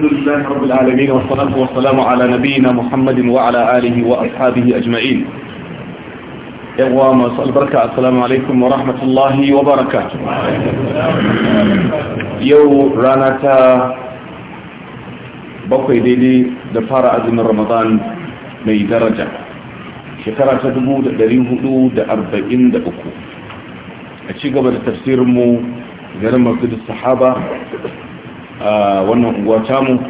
الحمد لله رب العالمين والصلاة والسلام على نبينا محمد وعلى آله وأصحابه أجمعين البركة السلام عليكم ورحمة الله وبركاته يو رانا بقي ديلي دفار أزم رمضان مي درجة شكرا تدمو دريه دود أربعين دأكو أشيقب لتفسير مو غير مرقد الصحابة a wannan unguwa tamu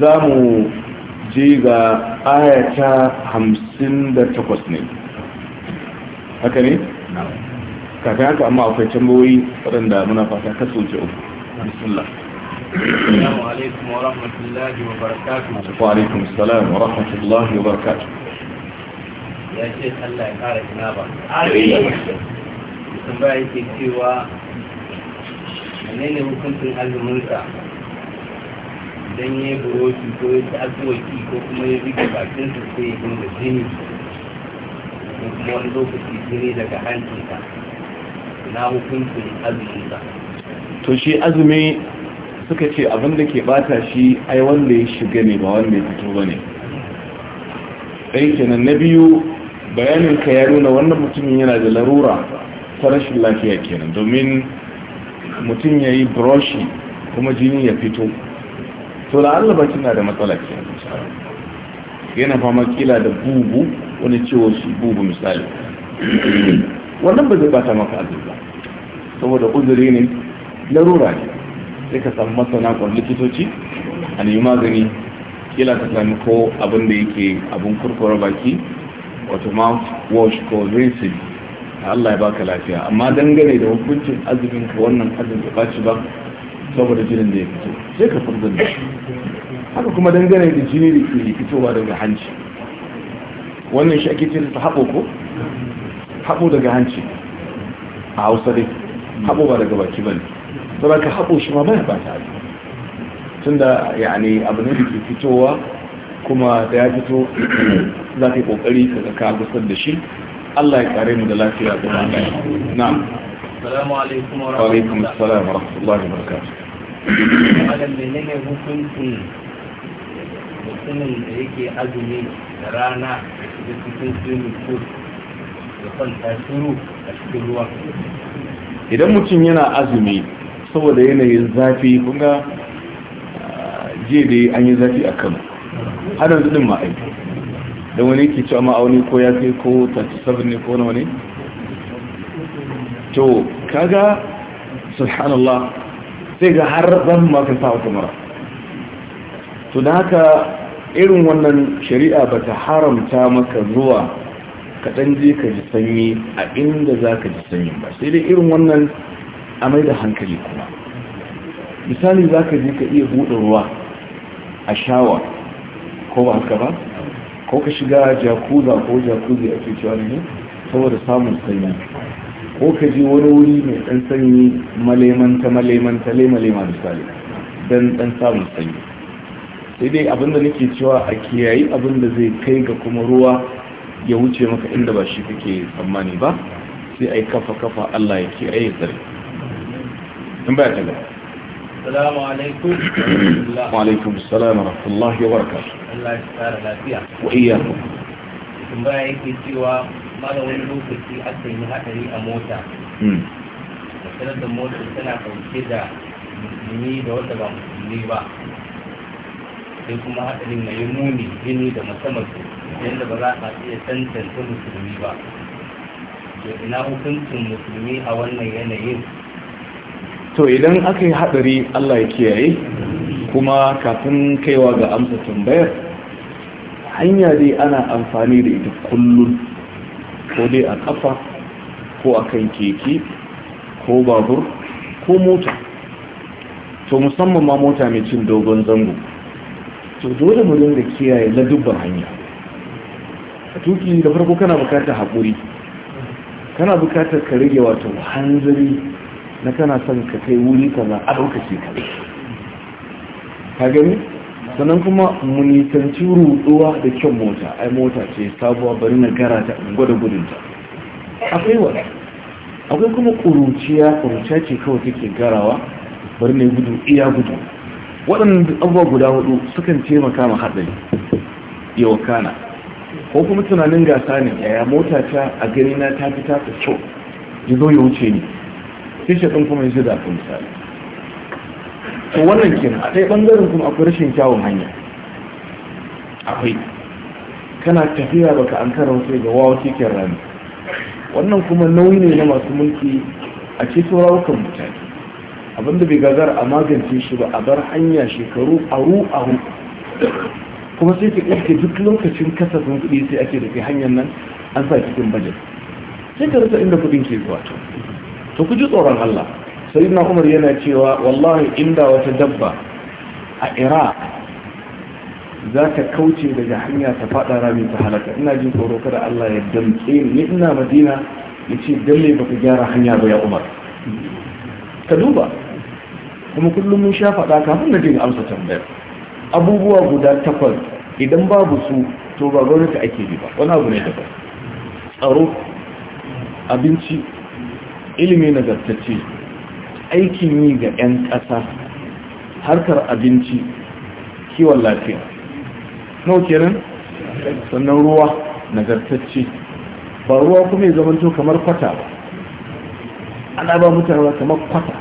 za mu je ga ayata hamsin da takwas ne haka ne? kafin haka amma akwai tambayoyi waɗanda muna fata kasu ce uku bismillah السلام عليكم ورحمة الله وبركاته وعليكم السلام ya الله وبركاته يا شيخ الله Ba نابا yi يسمى cewa. menene hukuncin azuminsa don ya yi buroki ko ya ci asuwaki ko kuma ya rike su sai ya dinga jini ko kuma wani lokaci jini daga hancinsa na hukuncin azuminsa to shi azumi suka ce abin da ke bata shi ai wanda ya shiga ne ba wanda ya fito ba ne ɗai kenan na biyu bayanin ka ya nuna wannan mutumin yana da larura ta rashin lafiya kenan domin mutum ya yi broshi kuma jini ya fito to la'alla ba na da matsala ke yana fama kila da bubu wani ciwo su bubu misali wannan ba zai bata maka azumi ba saboda uzuri ne larura ne sai ka samu masana kwan likitoci a nemi magani kila ka sami ko abin da yake abin kurkura baki wato mouth wash ko rinsing Allah ya baka lafiya amma dangane da hukuncin azumin ka wannan azumin ka baci ba saboda jinin da ya fito sai ka furzar ne haka kuma dangane da jini da ke fitowa daga hanci wannan shi ake cewa ta haɓo ko haɓo daga hanci a hausa dai haɓo ba daga baki ba ne saboda ka haɓo shi ma baya ba tunda yani abu ne da ke fitowa kuma da ya fito za ka yi ƙoƙari ka ga ka gusar da shi Allah ya kare mu da lafiya da lafiya na'am assalamu alaikum wa rahmatullahi wa barakatuh malam menene hukuncin mutumin da yake azumi da rana da cikin swimming pool da kwanta shiru a cikin ruwa idan mutum yana azumi saboda yanayin zafi kunga ah, jiya da an yi zafi a kano har yanzu din ma ma'aiki da wani ke cewa ma'auni ko ya kai ko 37 ne ko wani ne to kaga subhanallah sai ga har zan ma ka wata mara. to da haka irin wannan shari'a ba ta haramta maka zuwa kaɗan je ka ji sanyi a inda za ka ji sanyi ba sai dai irin wannan a mai da hankali kuma misali za ka je ka iya buɗe ruwa a shawa ko ba haka ba ko ka shiga jakuza ko jakuzi a ke cewa ne saboda samun sanyi ko ka je wani wuri mai ɗan sanyi malemanta malemanta lemalema misali don ɗan samun sanyi sai dai abinda nake cewa a kiyayi abinda zai kai ga kuma ruwa ya wuce maka inda ba shi kake tsammani ba sai a yi kafa kafa Allah ya kiyaye tsare in baya ta gaba salamu alaikum wa alaikum salam wa rahmatullahi wa barakatuh Allah ya tsara lafiya iya. Tun baya yake cewa mara wani lokaci akan yi haɗari a mota masarar hmm. da motar tana ɗauke da musulmi da wata ba musulmi ba sai kuma haɗarin mai muni jini da musamman yadda ba za a iya tantance musulmi ba to ina hukuncin musulmi a wannan yanayin to idan aka yi haɗari Allah ya kiyaye kuma kafin kaiwa ga amsa tambayar hanya dai ana amfani da ita kullum ko dai a kafa ko a kan keke ko babur ko mota to musamman ma mota mai cin dogon zango to dole mu dinga kiyaye na dubban hanya a tuki da farko kana bukatar haƙuri kana bukatar ka rage wato hanzari na kana son ka kai wuri kaza a lokaci kaza ka gani sannan kuma mu nisanci da kyan mota ai mota ce sabuwa bari na gara ta gwada gudunta akwai wani akwai kuma ƙuruciya kuruciya ce kawai take garawa bari na gudu iya gudu waɗannan abubuwa guda hudu sukan taimaka ma haɗari yau kana ko kuma tunanin gasa ne yaya mota ta a gani na ta fi ta kyau ya zo ya wuce ni sai shaɗin kuma ya shi zafi misali to wannan kenan a ɗaya ɓangaren kuma akwai rashin kyawun hanya akwai kana tafiya baka an kara wasu ga wawa cikin rami wannan kuma nauyi ne na masu mulki a ce rawukan mutane abinda bai gagara a magance shi ba a bar hanya shekaru aru ru'ahu kuma sai ka ɗauke duk lokacin kasafin kuɗi sai ake da kai hanyar nan an sa cikin bajet sai ka rasa inda kuɗin ke zuwa to ku ji tsoron Allah na umar yana cewa wallahi inda wata dabba a iraq za ta kauce daga hanya ta fada rami ta halaka ina jin tsoro kada allah ya damtse ni ina madina ya ce dalle ba ka gyara hanya ba ya umar ka duba kuma kullum mun sha faɗa kafin na jin amsa tambayar abubuwa guda takwas idan babu su to ba gwamnati ake bi ba wani abu ne daban tsaro abinci ilimi nagartacce aikin yi ga 'yan ƙasa harkar abinci kiwon lafiya nau kenan sannan ruwa nagartacce ba ruwa kuma ya zamanto kamar kwata ba ana ba mutane ba kamar kwata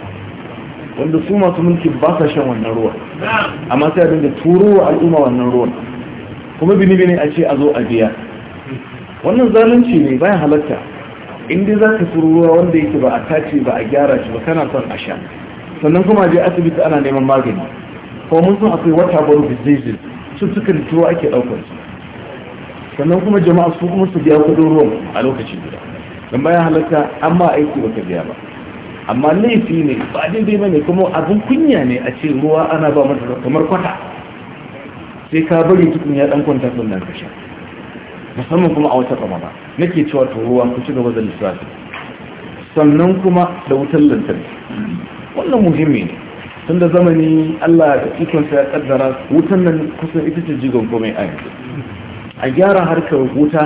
wanda su masu mulki ba sa shan wannan ruwa amma sai abin da wa al'umma wannan ruwan kuma bini bini a ce a zo a biya wannan zalunci ne bayan halatta in dai za ka ruwa wanda yake ba a tace ba a gyara shi ba kana son a sha sannan kuma je asibiti ana neman magani ko mun san akwai wata baro diseases cututtukan tuwa ake daukar su sannan kuma jama'a su kuma su biya kudin ruwan a lokaci guda dan bayan halatta ma aiki baka biya ba amma laifi ne ba dai dai bane kuma abin kunya ne a ce ruwa ana ba mata kamar kwata sai ka bari tukun ya dan kwanta sannan ka sha musamman kuma a wata ramada nake cewa ta ruwa ku ci gaba da lissafi sannan kuma da wutar lantarki wannan muhimmi ne tun da zamani Allah da ikonsa ya kaddara wutan nan kusan ita ce jigon komai a yanzu a gyara harkar wuta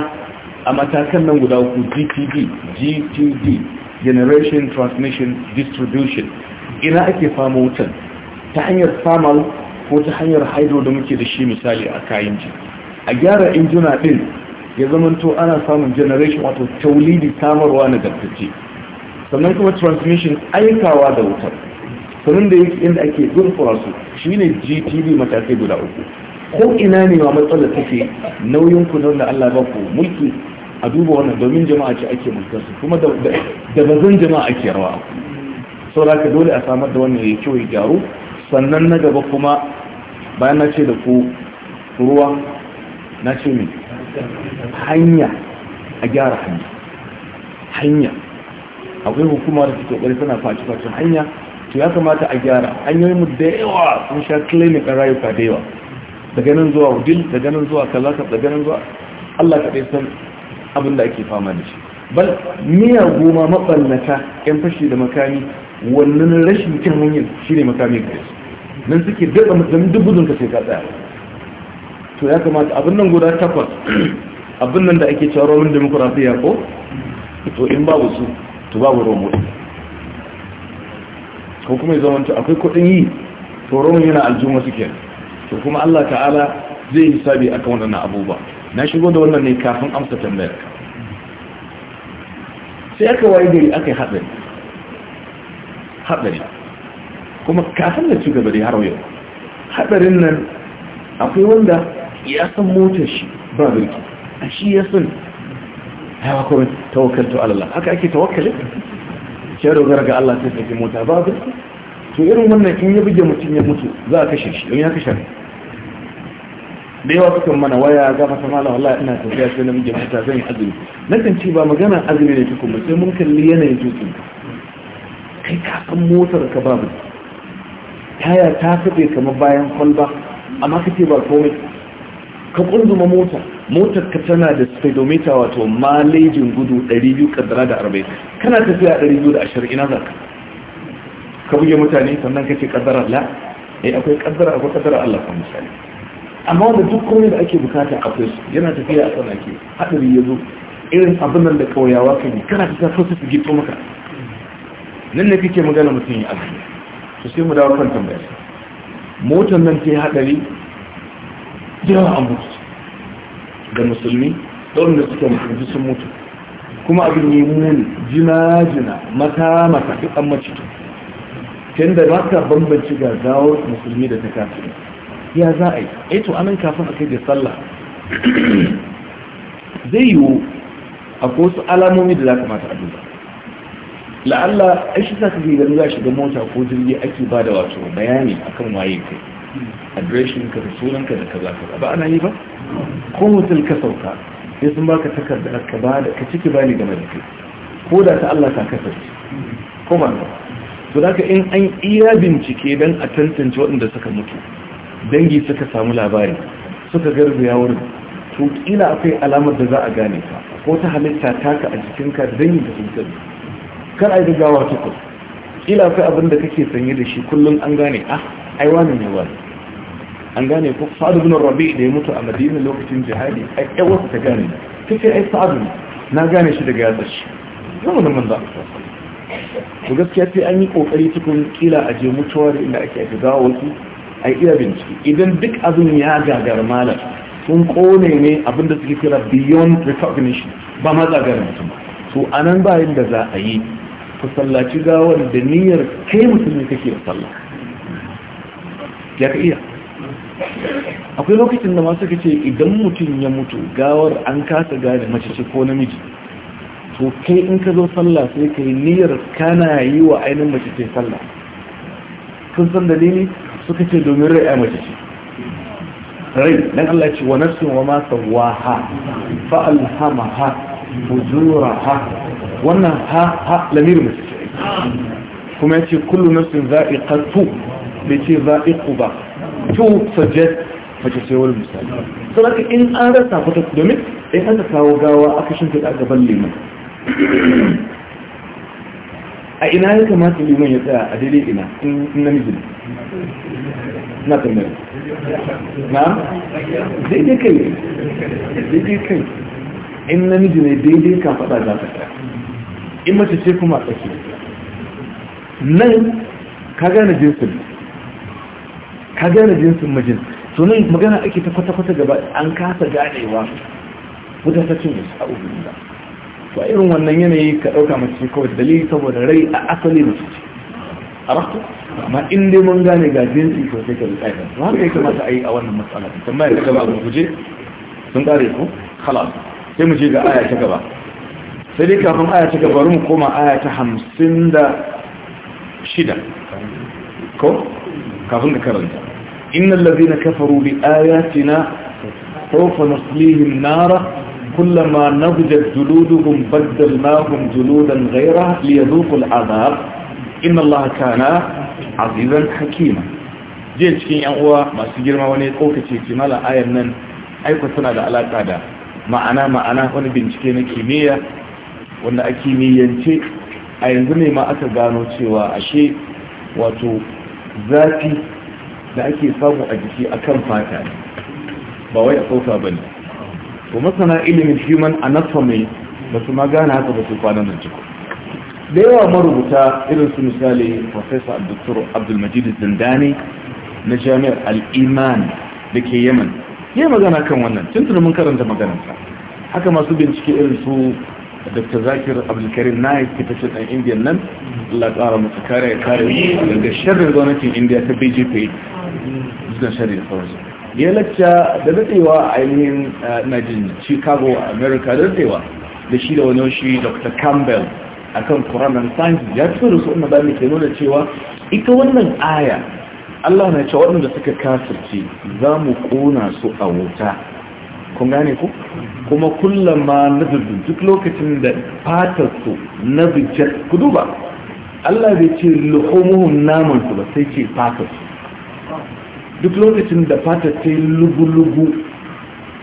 a matakan nan guda ku GTD GTD Generation Transmission Distribution ina ake fama wutan ta hanyar samal ko ta hanyar hydro da muke da shi misali a kayan ji a gyara injuna din ya zamanto ana samun generation wato taulidi samarwa na gaskace sannan kuma transmission aikawa da wutar sannan da yake inda ake zurfura su shine gtv matakai guda uku ko ina ne ma matsala take nauyin ku da Allah ba ku mulki a duba wannan domin jama'a ce ake mulkar su kuma da bazan jama'a ake rawa saboda ka dole a samar da wannan ya kyau ya gyaru sannan na gaba kuma bayan na ce da ku ruwa na ce mai hanya a gyara hanya hanya akwai hukuma da suke kwari tana faci-facin hanya to ya kamata a gyara hanyoyin mu da yawa sun sha klinik a rayuka da yawa daga nan zuwa wudil daga nan zuwa kalaka daga nan zuwa allah ka ɗai san abin da ake fama da shi bal miya goma maɓallata yan fashi da makami wannan rashin kyan hanyar shi ne makami ga yasu nan suke daɗa mutum duk gudun ka sai ka tsaya to ya kamata abin nan guda takwas abin nan da ake cewa roman demokrafiya ko to in babu su to babu romo ko kuma ya ta akwai kudin yi to romo yana aljuma suke to kuma allah ta'ala zai yi sabi akan wannan abubuwa na shigo da wannan ne kafin amsa tambayar sai aka wayi gari aka yi haɗari haɗari kuma kafin da ci gaba da har yau haɗarin nan akwai wanda ya san motar shi ba birki a shi ya san ya kuma tawakaltu Allah haka ake tawakkali shi dogara ga Allah sai tafi mota ba birki to irin wannan in ya buge mutum ya mutu za a kashe shi don ya kashe da yawa sukan mana waya ga fata mala wallahi ina tafiya sai na buge mota zan yi azumi na kan ce ba magana azumi ne tukun ba sai mun kalli yanayin tutsun kai ka san motar ka babu taya ta kafe kamar bayan kwalba amma kace ba komai ka kunzuma mota motar ka tana da speedometer wato malejin gudu 240 da kana tafiya 220 ina zaka ka buge mutane sannan ka ce kaddara la eh akwai kaddara akwai kaddara Allah kan misali amma wanda duk komai da ake bukata a su yana tafiya a ke hadari ya zo irin abin nan da kauyawa ka yi kana tafiya sosai su gito maka nan ne ke magana mutum ya azumi to sai mu dawo kan tambayar motar nan ta yi hadari yawa a mutu da musulmi da suke mutu sun mutu kuma abin yi muni jina-jina mata-mata duk an tu can da ba ta bambanci ga gawar musulmi da ta kafi ya za a yi eh to anan kafin a kai da sallah zai yiwu a su alamomi da za ka mata abin la'alla a shi za ka zai ganin za shiga mota ko jirgi ake ba da wato bayani akan waye kai adireshin da sunanka da kaza kaza ba ana yi ba ko mutum ka sauka sai sun baka takarda ka ba da ka ciki bani game da kai ko da ta Allah ka kasance ko ba ba to zaka in an iya bincike dan a tantance waɗanda suka mutu dangi suka samu labari suka garzaya wurin to kila akwai alamar da za a gane ka ko ta halitta taka a jikinka dangi da sun sani kar a yi gaggawa tukun kila akwai abin da kake sanye da shi kullum an gane ah ai wani ne wani an gane ko sa'ad ibn rabi da ya mutu a madina lokacin jihadi ai ai ta gane ta ce ai sa'ad na gane shi daga yatsar shi zama da manzo to gaskiya sai an yi kokari cikin kila a je mutuwa da inda ake ake wasu ai iya bincike idan duk abin ya gagar malam sun kone ne abin da suke kira beyond recognition ba ma zagara mutum to anan yin da za a yi ku sallaci gawar da niyyar kai mutum ne kake da sallah ya ka iya akwai lokacin da masu ce idan mutum ya mutu gawar an kasa gane mace ko namiji to kai in ka zo sallah sai kai niyyar kana yi wa ainihin mace ce sallah kun san dalili suka ce domin rai ai mace ce rai dan Allah ce wa nafsin wa ma sawaha fa alhamaha fujuraha wannan ha ha lamir mace ce kuma yace kullu nafsin za'iqatu bai ce za'iqu ba to suggest mace ce wani misali saboda in an rasa fata domin in ta kawo gawa aka shinta da gaban liman a ina ya kamata liman ya tsaya a daidai ina in na? mijin na tambayar na daidai kai daidai kai in mijin ne daidai kan fada za ta tsaya in mace ce kuma a tsaki nan ka gane jinsin ka gane jinsin mijin sunan magana ake ta kwata-kwata gaba an kasa ganewa wuta ta cin yasu a ubin da ba irin wannan yanayi ka ɗauka mace kawai da dalili saboda rai a asali mace ce a rahoto amma in dai mun gane ga jinsi to sai ka rika idan ba ka yi kamata a yi a wannan matsala tambaya ta gaba a guje sun ƙare ku halas sai mu je ga aya ta gaba sai dai kafin aya ta gaba mu koma aya ta hamsin da shida ko kafin ka karanta إن الذين كفروا بآياتنا سوف نصليهم نارا كلما نضجت جلودهم بدلناهم جلودا غيرها ليذوقوا العذاب إن الله كان عزيزا حكيما jiya cikin yan uwa masu girma wani tsokace ce mala ayar nan aiko suna da alaka da ma'ana ma'ana wani bincike na kimiyya wanda a kimiyyance a yanzu ne ma aka gano cewa ashe wato zafi da ake samu a jiki akan fata ne ba wai a sauka ba ne to masana ilimin human anatomy ba su magana haka ba su kwanan nan ciko da yawa marubuta irin su misali professor abdul abdulmajid zindani na jami'ar al'iman da ke yaman ya magana kan wannan tun mun karanta maganarsa haka masu bincike irin su dr zakir abdulkarim na yi fitashin ɗan indiyan nan allah ƙara masu kare ya kare daga shirin gwamnatin indiya ta bjp zuwa shirin da sauransu ya lacca da daɗewa a na jin chicago a america da daɗewa da shi da wani shi dr campbell a akan kuranan sanji ya fito da su umar da ke nuna cewa ita wannan aya allah na ce waɗanda suka kasance za mu ƙona su a wuta kun gane ku kuma kullum ma nazarbin duk lokacin da fatar su na bijjar ku duba Allah bai ce luhumuhum naman su ba sai ce fatar su duk lokacin da fatar ta yi lugu-lugu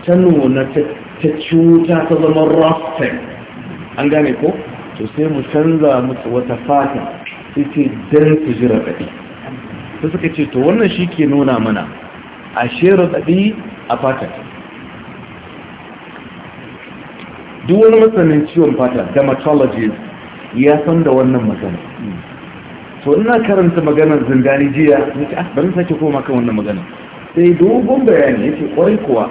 ta nuna ta cuta ta zama rafin an gane ko to sai mu canza musu wata fata sai ce dan su jira raɗaɗi sai suka ce to wannan shi ke nuna mana a shi raɗaɗi a fatar duk wani masanin ciwon fata dermatologist ya san da wannan magana so ina karanta maganar zindani jiya nake ah bari sake koma kan wannan magana sai dogon bayani ce, kwarai kuwa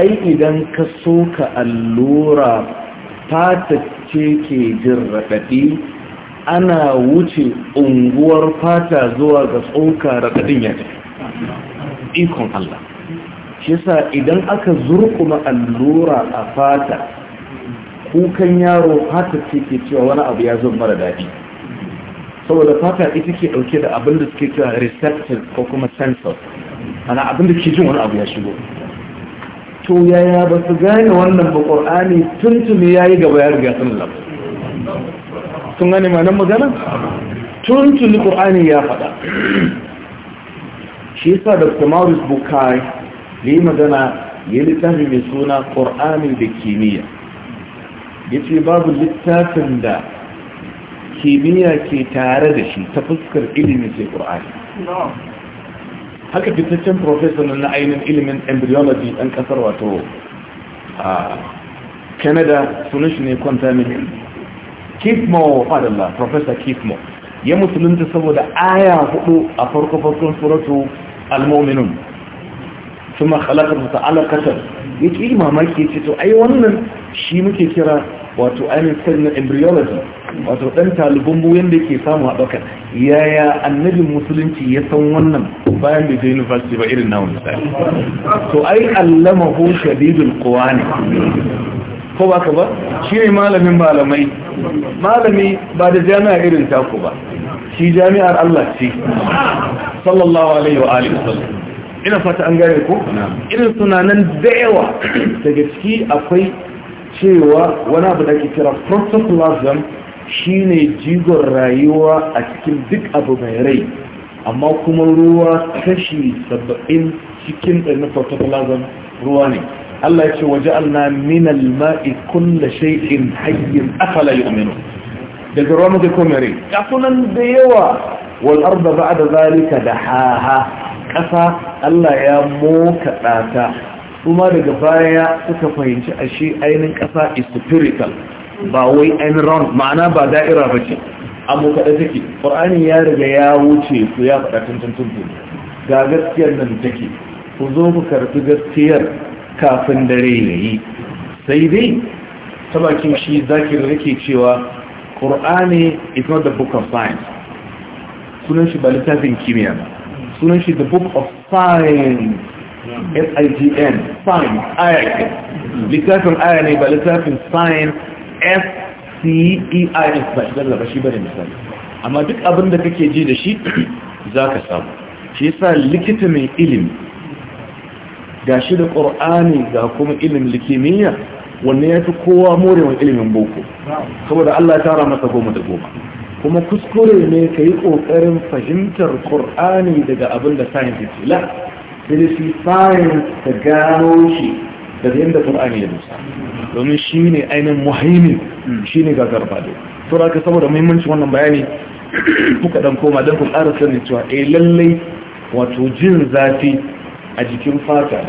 ai idan ka soka allura fata ce ke jin raɗaɗi ana wuce unguwar fata zuwa ga tsoka raɗaɗin ya ikon Allah shi yasa idan aka zurkuma allura a fata kukan yaro fata ce ke cewa wani abu ya zo mara daɗi saboda fata ita ke ɗauke da abin da suke cewa receptor ko kuma sensor ana abin da ke jin wani abu ya shigo to yaya ba su gane wannan ba ƙur'ani tuntuni ya yi gaba ya riga sun lafi sun gane ma nan magana tuntuni ƙur'ani ya faɗa shi yasa da su bukai ya yi magana ya littafi mai suna ƙur'ani da kimiyya yace babu littafin da kimiyya ke tare da shi ta fuskar ilimi sai qur'ani haka fitaccen professor na ainihin ilimin embryology ɗan ƙasar wato a canada sunan shi ne kwanta mini keith moore fadalla professor keith moore ya musulunta saboda aya hudu a farko farkon suratu al su ma halakar ta alakatar ya ƙi mamaki ce to ai wannan shi muke kira wato ainihin study embryology wato ɗan talibin buwan da ke samu ɗaukar yaya annabin musulunci ya san wannan bayan da jini university ba irin nawon misali to ai allama ko shadidul kowa ne ko ba ka ba shi ne malamin malamai malami ba da jami'a irin taku ba shi jami'ar Allah ce sallallahu alaihi wa alihi wasallam ina fata an gare ku irin sunanan da yawa daga ciki akwai cewa wani abu da ke kira protoplasm shine jigon rayuwa a cikin duk abu mai rai amma kuma ruwa kashi saba'in cikin ɗarin protoplasm ruwa ne Allah ya ce waje alna minal ma'i kulla shay'in hayyin afala yu'minu daga ruwa muke kome rai kasunan da yawa wal arda ba'da zalika haha ƙasa Allah ya moka ɗata kuma daga baya suka fahimci ashe ainihin ƙasa is spherical ba wai ainihin round ma'ana ba da'ira ba ce amma kaɗa take ƙwar'ani ya riga ya wuce su ya faɗa tuntun ga gaskiyar nan take ku zo ku karɓi gaskiyar kafin dare ya yi sai dai ta bakin shi zakirin yake cewa ƙwar'ani is not the book of science sunan shi ba littafin kimiyya ba sunan shi the book of science s-i-g-n sign aya littafin aya ne ba littafin sign s c e i s ba shi ba shi bane misali amma duk abin da kake ji da shi za ka samu shi sa likita mai ilimi ga shi da ƙor'ani ga kuma ilimin likimiyya wanne ya fi kowa morewan ilimin boko saboda Allah ya tara masa goma da goma kuma kuskure ne ka yi ƙoƙarin fahimtar ƙor'ani daga abin da science yin la ability science ta gano shi daga yadda kur'ani ya nusa domin shi ne ainihin muhimmi. shi ne gagar bado tura ka saboda muhimmancin wannan bayani kuka dan koma don ku ƙara sani cewa eh lallai wato jin zafi a jikin fata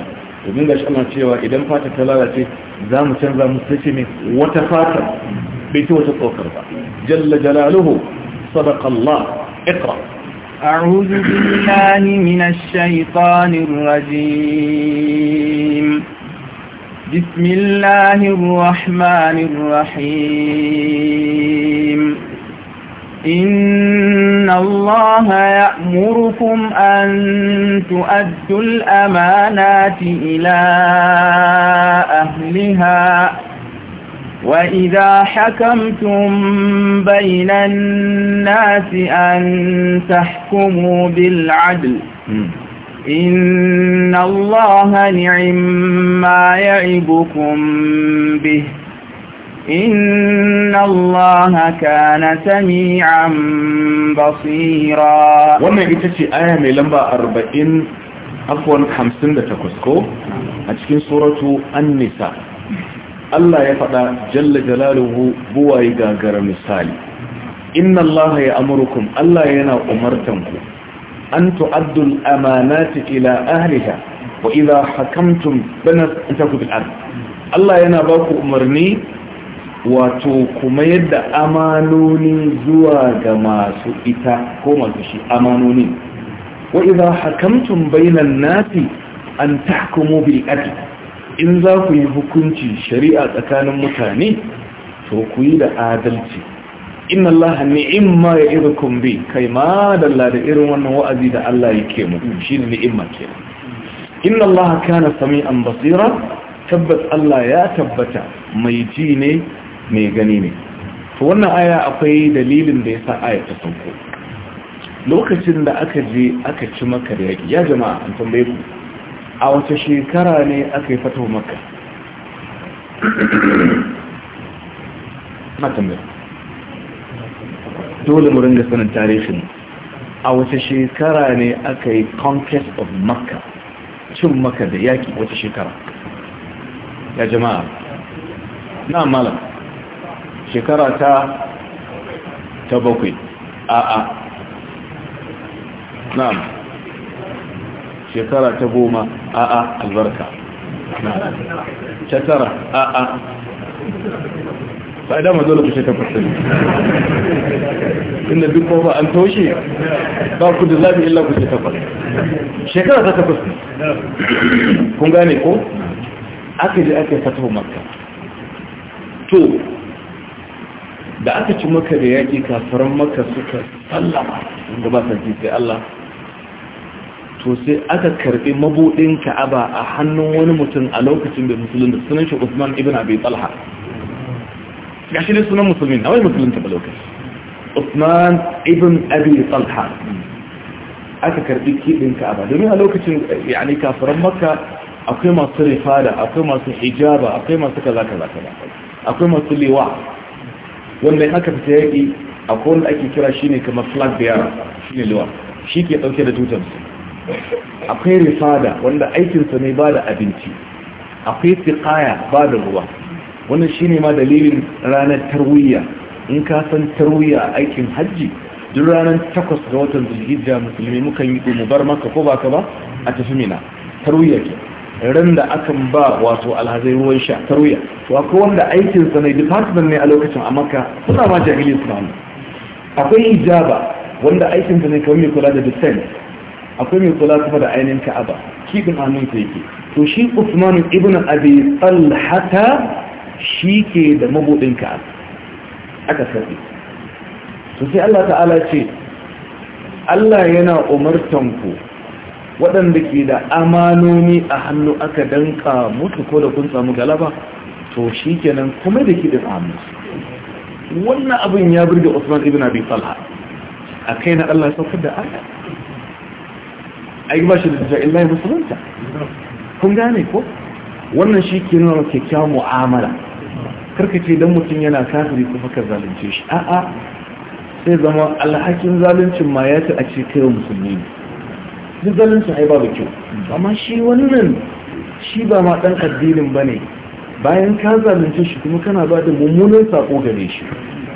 domin ga shi cewa idan fata ta lalace za mu canza mu sace ne wata fata bai ce wata tsokar ba jalla jalaluhu sadaqa Allah iqra أعوذ بالله من الشيطان الرجيم بسم الله الرحمن الرحيم إن الله يأمركم أن تؤدوا الأمانات إلى أهلها وإذا حكمتم بين الناس أن تحكموا بالعدل إن الله نعم ما يعبكم به إن الله كان سميعا بصيرا وما يتشي آية من لمبا أربعين أفوا خمسين دتكسكو أتكين سورة النساء Allah ya faɗa jalla jalaluhu buwaye gagara misali inna Allah ya amurkum Allah yana umartanku ku an tu'addul amanati ila ahliha wa idha hakamtum banas taku bil ard Allah yana ba ku umarni wato kuma yadda amanoni zuwa ga masu ita ko masu shi amanoni wa idha hakamtum bainan nasi an tahkumu bil adl in za ku yi hukunci shari'a tsakanin mutane to ku yi da adalci inna Allah ni'imma ya iri kumbi kai ma dalla da irin wannan wa'azi da Allah ya ke mu shi ne ni'imma ke inna Allah kana an basira tabbas Allah ya tabbata mai ji ne mai gani ne to wannan aya akwai dalilin da ya sa aya ta sauko lokacin da aka je aka ci maka da yaki ya jama'a an tambaye ku a wace shekara ne aka yi fatawa makka matambe dole mu ringa sanin tarihin a wace shekara ne aka yi conquest of makka cin makka da yaki wace shekara ya jama'a na malam shekara ta ta bakwai a'a na'am shekara ta goma a'a albarka ta tara a'a fa'ida ma dole ku ce takwas inda duk kofa an toshe ba ku da zafi illa ku ce takwas shekara ta ta ne kun gane ko aka ji aka wa maka to da aka ci maka da yaƙi kafaran maka suka sallama wanda ba sa sai Allah to sai aka karbi mabudin ka'aba a hannun wani mutum a lokacin da musulun musulunta sunan shi Usman ibn Abi Talha gashi ne sunan musulmi na wai musulunta ba lokaci Usman ibn Abi Talha aka karbi kidin ka'aba domin a lokacin yani kafiran Makka akwai masu rifada akwai masu hijaba akwai masu kaza kaza kaza akwai masu liwa wanda in aka fita yaki akwai wanda ake kira shine kamar flag bearer shine liwa shi ke dauke da tutar akwai rifada wanda aikinsa ne ba da abinci akwai tiqaya ba da ruwa wannan shine ma dalilin ranar tarwiyya in ka san tarwiyya aikin hajji duk ranar takwas ga watan zulhijja musulmi mukan yi mu bar maka ko ba ka ba a tafi mina tarwiyya ke ran da akan ba wato alhazai ruwan sha tarwiyya to akwai wanda aikin sa ne department ne a lokacin a maka suna ma jahili suna akwai ijaba wanda aikin sa ne kawai mai kula da defense akwai mai kula kuma da ainihin ka'aba amin ta yake to shi usman ibn abi talhata shi ke da mabudin ka'aba aka sabi to sai Allah ta'ala ce Allah yana umartan ku waɗanda ke da amanoni a hannu aka danka mutu ko da kun samu galaba to shi kenan kuma da kidin amin wannan abin ya burge usman ibn abi talha a kai na Allah saukar da aya ai ba shi da tuta illa ya musulunta kun gane ko wannan shi ke nuna wa kyakkyawar mu'amala karkace don mutum yana kafiri kuma ka zalunce shi a'a sai zama alhakin zaluncin ma ya ta a ce kai musulmi ne duk zaluncin ai babu kyau amma shi wani nan shi ba ma dan addinin ba ne bayan ka zalunce shi kuma kana ba da mummunan sako gare shi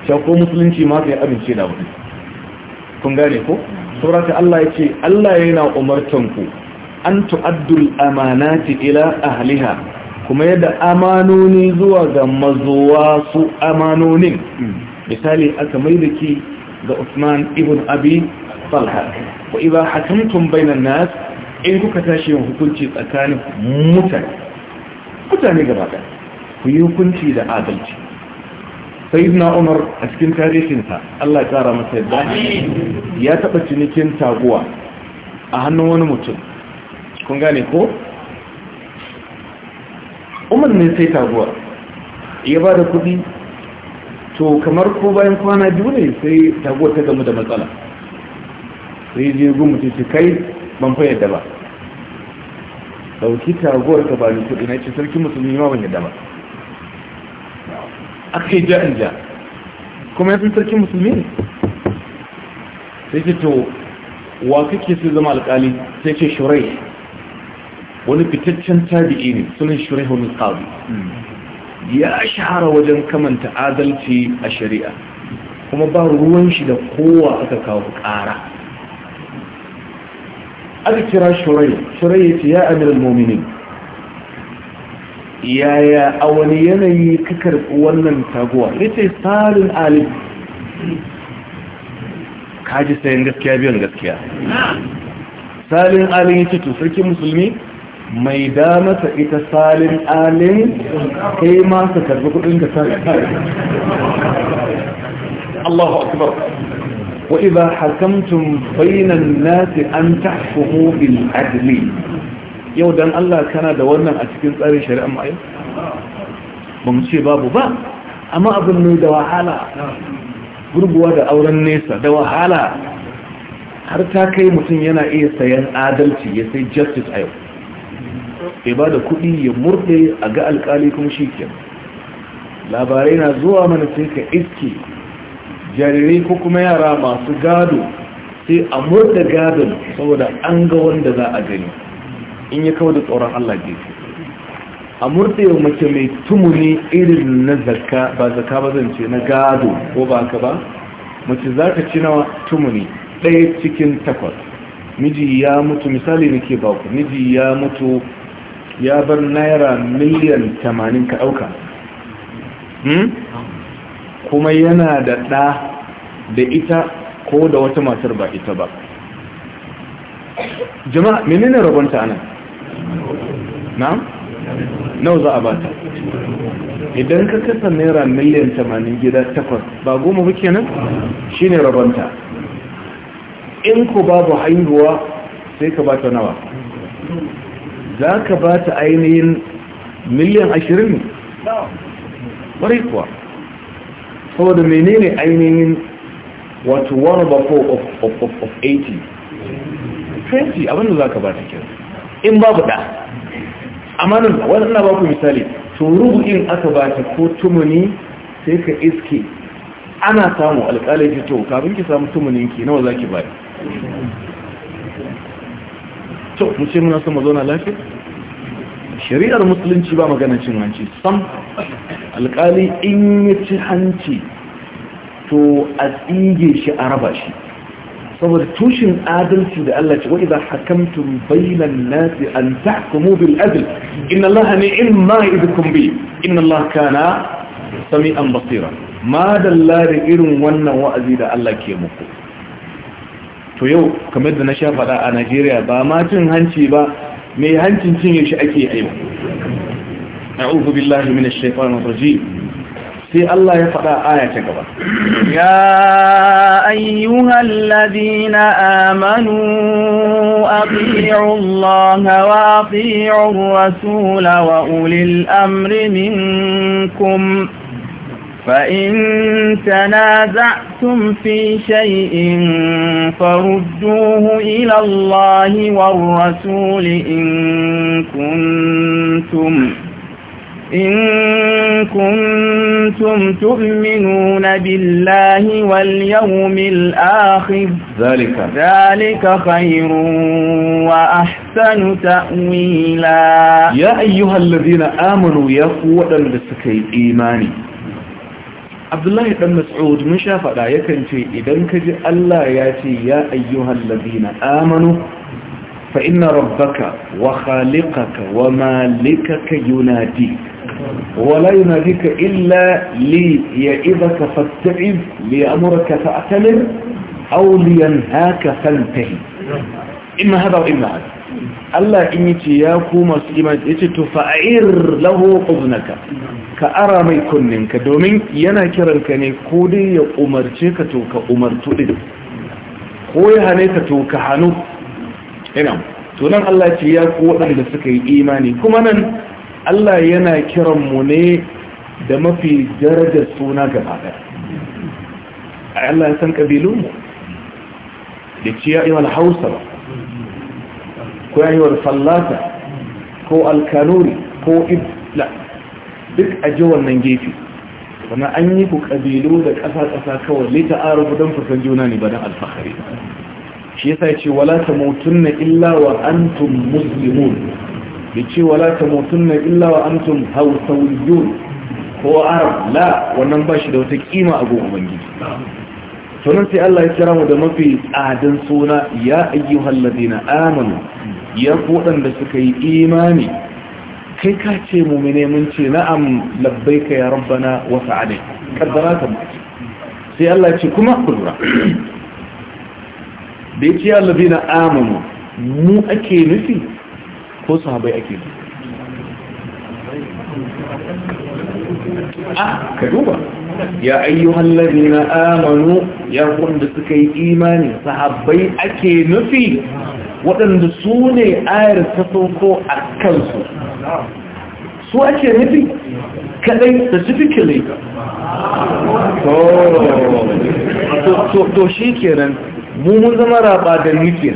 shakko musulunci ma ka yi amince da wani kun gane ko saurata Allah ya ce Allah yana umartanku an tu'addul amanati ila ahliha kuma yadda amanoni zuwa ga mazuwa su amanonin misali aka mai ki ga Usman ibn Abi Talha wa idha hakamtum bainan nas in kuka tashi yin hukunci tsakanin mutane mutane gaba ku yi hukunci da adalci sayyidina umar a cikin tarihinsa Allah ya kara masa yadda ya taba cinikin taguwa a hannun wani mutum kun gane ko umar ne sai taguwa ya ba da kudi to kamar ko bayan kwana biyu ne sai taguwa ta gamu da matsala sai je gumu ce kai ban fa yadda ba dauki taguwar ka ba ni kudi na ce sarki musulmi ma ban yadda ba أخي جاء جاء كما يفهم تركي المسلمين سيكتو واكيك يسيد مالك علي سيكي شريح وانا بتتشن تابعيني سنة شريح ونقاضي يا أشعر وجن كمن تعادل في الشريعة كما بارونش لقوة أتكاو بكارا أذكرا شريح شريح يا أمير المؤمنين yaya a wani yanayi ka karɓi wannan taguwa yace salin alif kaji sayan gaskiya biyan gaskiya salin alin yace to sarki musulmi mai damata ita salin alin kai ma ka karbi kudin ka salin Allahu akbar wa idha hakamtum bayna an-nasi an tahkumu bil adli yau dan Allah kana da wannan a cikin tsarin shari'a ma ba mu ce babu ba amma abin ne da wahala gurguwa da auren nesa da wahala har ta kai mutum yana iya sayan adalci ya sai justice a yau ya ba da kuɗi ya murɗe a ga alƙali kuma shi ke labarai na zuwa mana sai ka iske jarirai ko kuma yara masu gado sai a murɗe gadon saboda an ga wanda za a gani in ya kawo da tsoron Allah gefe a murɗewa mace mai tumuni irin na zakka ba zakka ba zance na gado ko ba ka ba mace za ka ci nawa tumuni ɗaya cikin takwas miji ya mutu misali nake ba ku miji ya mutu ya bar naira miliyan tamanin ka ɗauka hmm? kuma yana da ɗa da ita ko da wata matar ba ita ba jama'a menene rabonta anan na? nau za a bata idan ka kasa naira miliyan tamanin gida takwas ba goma nan shi ne rabanta in ku babu haihuwa sai ka bata nawa za ka bata ainihin miliyan ashirin ne ƙwarai kuwa saboda menene ainihin wato one four of 80 20 abinda za ka bata kira in babu ɗa amanin wannan ba ku misali to in aka ba ta ko tumuni sai ka iske ana samu alƙalaji to kafin ki samu tumunin ki nawa za ki bari to mu ce muna sama zauna lafiya shari'ar musulunci ba magana cin hanci sam alƙali in ya ci hanci to a tsige shi a raba shi saboda tushen adalci da Allah ce wa'iza hakamtum bainan nasi an tahkumu bil adl inna Allah ni'ma ma idukum bi inna Allah kana sami'an basira ma dalla da irin wannan wa'azi da Allah ke muku to yau kamar da na sha faɗa a Najeriya ba ma cin hanci ba mai hancin cinye shi ake yi a'udhu billahi minash shaitanir rajim في الله يفقى آية كبرى يا أيها الذين آمنوا أطيعوا الله وأطيعوا الرسول وأولي الأمر منكم فإن تنازعتم في شيء فردوه إلى الله والرسول إن كنتم إن كنتم تؤمنون بالله واليوم الآخر ذلك, ذلك خير وأحسن تأويلا يا أيها الذين آمنوا يا قوة لسك إيماني عبد الله بن مسعود من شاف يكن أنت إذن كجي ألا ياتي يا أيها الذين آمنوا فإن ربك وخالقك ومالكك يناديك ولا يناديك إلا ليئذك فاستعذ ليأمرك فأتمر أو لينهاك فانتهي إما هذا وإما هذا Allah in yace ya ku masu imani yace to fa'ir lahu qudnaka ka ara mai kunninka domin yana kiranka ne ko dai ya umarce ka to umartu din ko ya ka Allah ce ya waɗanda suka yi imani kuma nan Allah yana kiran mu ne da mafi darajar suna gaba A Allah ya san ƙabilu mu da ciyayewar Hausa ko yayewar Fallata ko Alkanuri ko Ibla duk a ji wannan gefe sannan an yi ku kabilu da ƙasa-ƙasa kawai lita arabu don fasan juna ne ba don alfahari shi yasa ce wala ta mutunna illa wa antum muslimun bai ce wala ta mutunna illa wa antum hausawiyun ko arab la wannan ba shi da wata kima a goma ubangiji sunan sai Allah ya kira mu da mafi tsadan suna ya ayyuhal ladina amanu ya ku da suka yi imani kai ka ce mene mun ce na'am labbaika ya rabbana wa sa'adai kaddara ka mu sai Allah ya ce kuma ku lura da ya ce ya ladina amanu mu ake nufi ko sahabai ake yi. ah ka duba ya ayyuhan na amanu ya wanda suka yi imani sahabai ake nufi waɗanda su ne ayar ta sauko a kansu su ake nufi kadai specifically oh. to shi kenan mu zama raba da nufin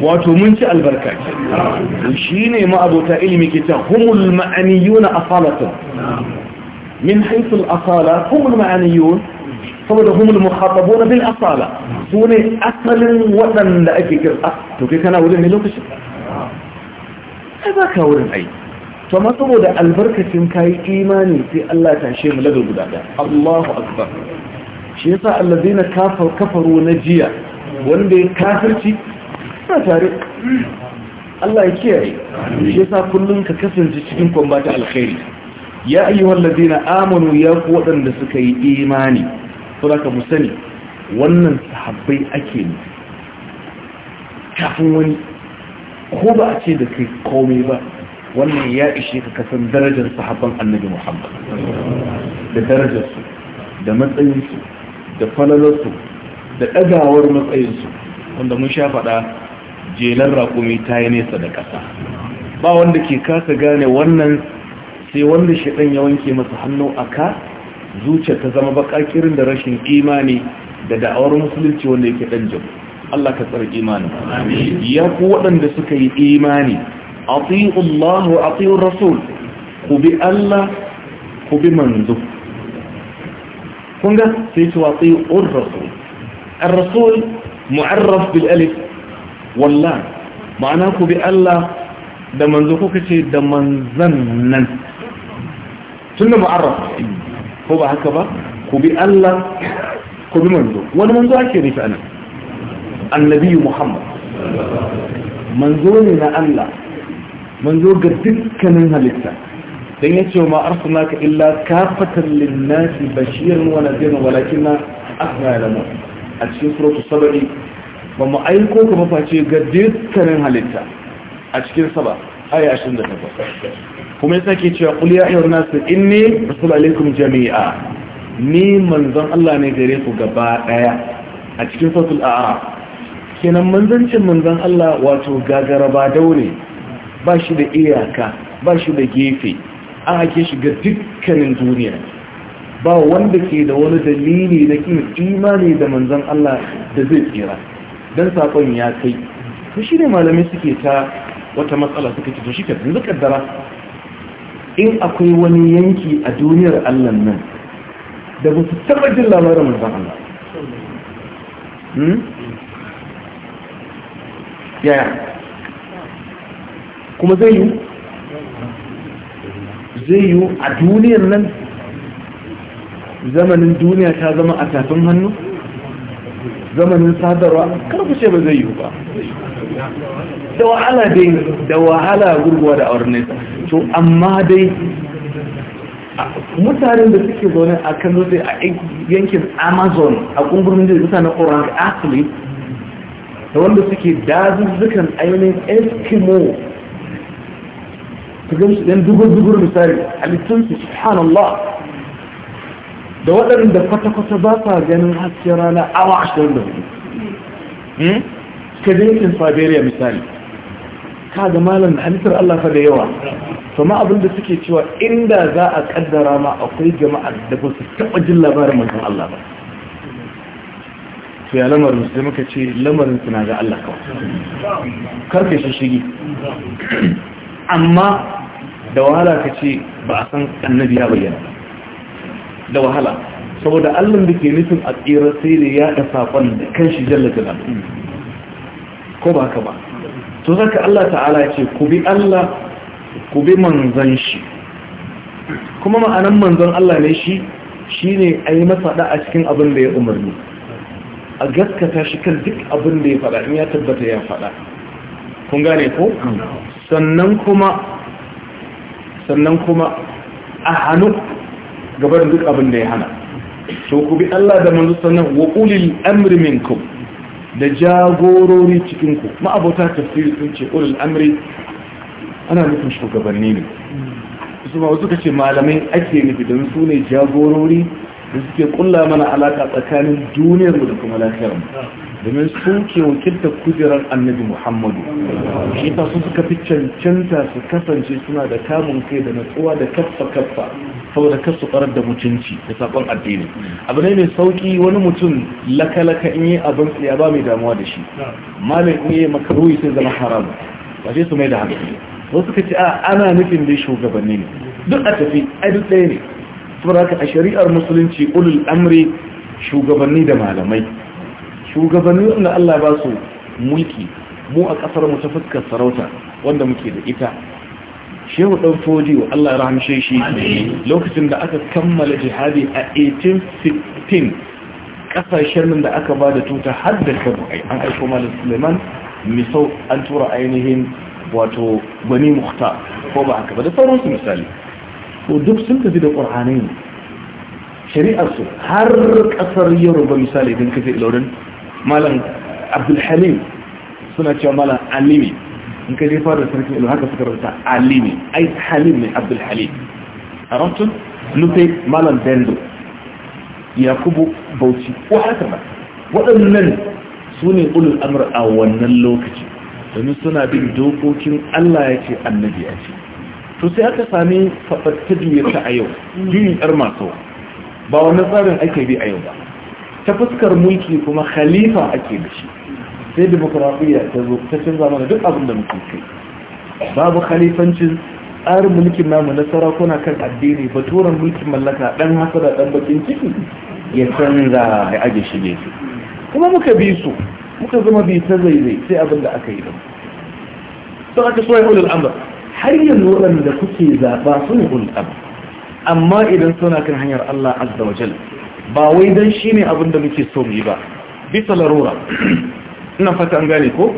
wato mun ci albarka shi ne ma'abota ilimi ke ta, humul ma'aniyun asalatun min haithul asala humul ma'aniyun saboda humul mukhatabuna bil asala su ne asalin waɗanda ake kira ah, to kai kana wurin ne lokacin ai ba ka wurin ai to ma saboda albarkacin kayi imani sai Allah ya tashe mu ladar guda ɗaya Allahu akbar shi yasa allazina kafaru na jiya wanda ya kafirci suna tare Allah ya kiyaye ya yasa kullum ka kasance cikin kwambata alkhairi ya ayyuhal ladina amanu ya ku waɗanda suka yi imani saboda ka mu sani wannan sahabbai ake ne kafin wani ko ba a ce da kai komai ba wannan ya ishe ka kasan darajar sahabban annabi muhammad da darajarsu da matsayinsu da falalarsu da ɗagawar matsayinsu wanda mun sha faɗa jelar raƙumi ta yi nesa da ƙasa ba wanda ke kasa gane wannan sai wanda shaɗan ya wanke masa hannu a ka zuciya ta zama baƙaƙirin da rashin imani da da'awar musulunci wanda yake ɗan jam Allah ka tsara imanin ya ku waɗanda suka yi imani a Allah wa a rasul ku bi Allah ku bi manzo kun ga sai ce wa tsi'un rasul الرسول bil alif. wallah ma'ana ku bi Allah da manzo kuka ce da manzan nan tun da mu'arraf ko ba haka ba ku bi Allah ku bi manzo wani manzo ake nufi anan annabi Muhammad manzo ne na Allah manzo ga dukkanin halitta dan yace ma arsalnaka illa kafatan lin-nasi bashiran wa nadhiran walakinna akthara al-mu'minin a cikin suratul sabri ba mu aiko ka mafaci ga dukkanin halitta a cikin saba aya 28 kuma ya ke cewa kul ya ayyuhan nas inni rasul alaikum jami'a ni manzon Allah ne gare ku gaba daya a cikin suratul a'raf kenan manzancin manzon Allah wato gagaraba daure ba shi da iyaka ba shi da gefe an hake shi ga dukkanin duniya ba wanda ke da wani dalili na kin imani da manzon Allah da zai tsira don saƙon ya kai to shi ne malamai suke ta wata matsala suka ce shi kafin zuka dara in akwai wani yanki a duniyar allah nan da ba su taɓa jin labarin manzan allah hmm? yaya kuma zai yi zai yi a duniyar nan zamanin duniya ta zama a tafin hannu zamanin sadarwa karfi ce ba zai yiwu ba da wahala dai da wahala gurguwa da auren to amma dai mutanen da suke zaune a kan zote a yankin amazon a kungurin da mutanen orang athlete da wanda suke dazuzzukan ainihin eskimo su gamsu ɗan dugur-dugur misali halittunsu subhanallah da waɗanda kwata-kwata ba sa ganin haske rana awa 24 hmm? ka dinkin saberiya misali ka ga malam da halittar Allah fa da yawa sama abinda suke cewa inda za a kaddara ma akwai jama'a da ba su taɓa jin labarin mutum Allah ba to ya lamarin su muka ce lamarin suna ga Allah kawai karfe shi shigi amma da wahala ka ce ba a san annabi ya bayyana da wahala saboda allah da ke nufin a tsira sai da ya da safon da kan shi jalla jalla ko ba ka ba to zaka allah ta'ala ce ku bi allah ku bi manzan shi kuma ma'anan manzan allah ne shi shi ne a yi masa a cikin abin da ya umarni a gaskata shi kan duk abin da ya faɗa in ya tabbata ya faɗa kun gane ko mm. sannan kuma sannan kuma a hannu Gabar duk abin da ya hana to ku bi Allah da manzo sannan wa ulil amri minkum da jagorori cikin ku ma abota tafsiri sun ce ulil amri ana nufin shugabanni ne su ba suka kace malamai ake nufi don su ne jagorori da suke kulla mana alaka tsakanin duniyar mu da kuma lafiyar mu domin sun ke wakiltar kujerar annabi muhammadu shi su suka fi cancanta su kasance suna da kamun kai da natsuwa da kaffa kaffa saboda kasu farar da mutunci da sabon addini abu ne mai sauki wani mutum laka-laka in yi abin ya ba mai damuwa da shi malin in yi makaruyi sai zama haram ba sai su mai da hankali wasu ka ce a ana nufin dai shugabanni ne duk a tafi a duk ɗaya ne saboda haka a shari'ar musulunci ulul amri shugabanni da malamai shugabanni da Allah ba su mulki mu a kasar mu ta fuskar sarauta wanda muke da ita shehu dan fodi wa Allah ya rahmshe shi lokacin da aka kammala jihadi a 1815 kasashen nan da aka ba da tuta har da kano an aiko malam suleiman misau an tura ainihin wato bani muhta ko ba haka ba da sauransu misali to duk sun tafi da shari'ar su har kasar yoruba misali idan ka je malam abdulhalim suna cewa malam alimi in ka jefa da sarki ilu haka suka rubuta alimi ai halim ne abdulhalim a rantun nufai malam bendo yakubu bauchi ko haka ba waɗannan su ne ulul amur a wannan lokaci domin suna bin dokokin allah ya ce annabi ya ce to sai aka sami fafatta juyarta a yau juyin yar masu ba wannan tsarin ake bi a yau ba ta fuskar mulki kuma khalifa ake da shi sai demokuraɗiyya ta zo ta canza mana duk abin da muke kai babu khalifancin tsarin mulkin namu na sarakuna kan addini baturan mulkin mallaka dan hasa da dan bakin ciki ya canza ya aje shi ne kuma muka bi su muka zama bi ta zaizai sai abin da aka yi da to aka so ya ulul har yanzu da kuke zaba sun ulul amma idan suna kan hanyar Allah azza wa jalla ba wai don shi ne abin da muke so yi ba bisa larura ina fata an gane ko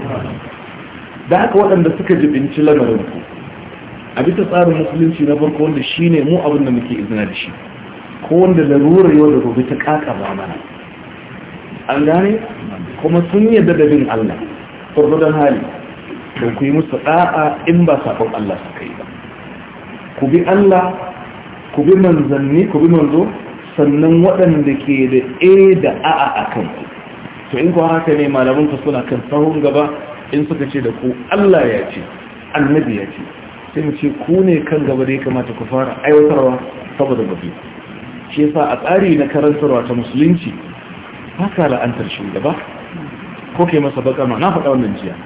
da haka waɗanda suka jibinci lamarin ku a bisa tsarin musulunci na farko wanda shi ne mu abin da muke izina da shi ko wanda larura yau da gobe ta ƙaƙa ba mana an gane kuma sun yi yadda da bin Allah don hali don ku yi musu ɗa'a in ba saƙon Allah suka yi ba ku bi Allah ku bi manzanni ku bi manzo sannan waɗanda ke da a da a'a a kan to in kuwa haka ne malamanka suna kan sahun gaba in suka ce da ku Allah ya ce annabi ya ce sai mu ce ku ne kan gaba da ya kamata ku fara aiwatarwa saboda babu shi yasa a tsari na karantarwa ta musulunci ba ka la'antar shugaba ko kai masa baka ma na faɗa wannan jiya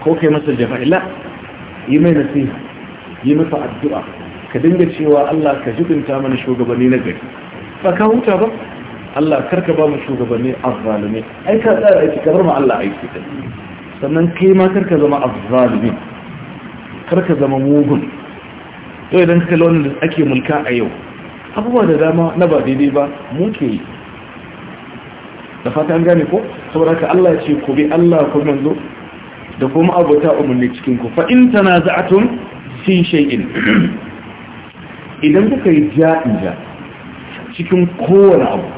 ko kai masa jafa'ila yi mai nasiha yi masa addu'a ka dinga cewa Allah ka jibinta mana shugabanni na gari ba ka huta ba Allah karka ba mu shugabanni azzalimi ai ka tsara aiki ka bar mu Allah aiki ka sannan kai ma karka zama azzalimi karka zama mugun to idan ka lona wannan ake mulka a yau abubuwa da dama na ba daidai ba mu ke yi da fata an gane ko saboda ka Allah ce ku bi Allah ku manzo da kuma abota umarni cikin ku fa in tanaza'atum fi shay'in idan kuka yi ja'in ja'in cikin kowane abu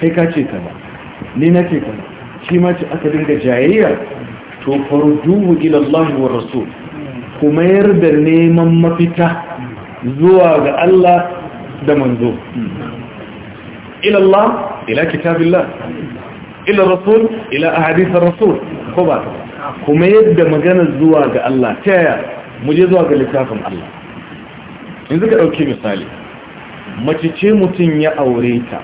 kai ka ce ba ni na ce kaza shi ma ce aka dinga jayayya to farujuhu ila Allah wa rasul kuma yarda neman mafita zuwa ga Allah da manzo ila Allah ila kitabillah ila rasul ila ahadith rasul ko ba kuma yadda magana zuwa ga Allah ta yaya mu je zuwa ga littafin Allah yanzu ka dauke misali mace ce mutum ya aure ta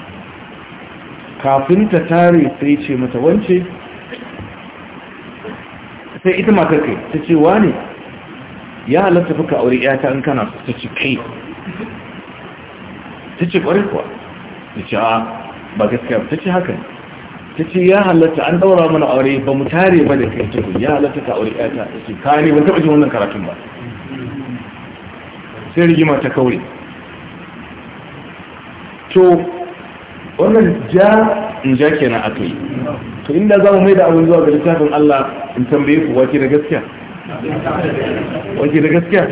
kafin ta tare sai ce mata wance sai ita matar kai ta ce wane ya halatta fuka aure 'ya ta in kana ta ce kai ta ce kwarai kuwa ta ce a ba gaskiya ta ce haka ta ce ya halatta an daura mana aure ba mu tare ba da kai ta ya halatta ka aure 'ya ta ce ka ne ban taɓa jin wannan karatun ba sai rigima ta kaure to wannan ja in ja kenan aka yi to inda za mu mai da abin zuwa ga littafin Allah in tambaye ku wake da gaskiya wake da gaskiya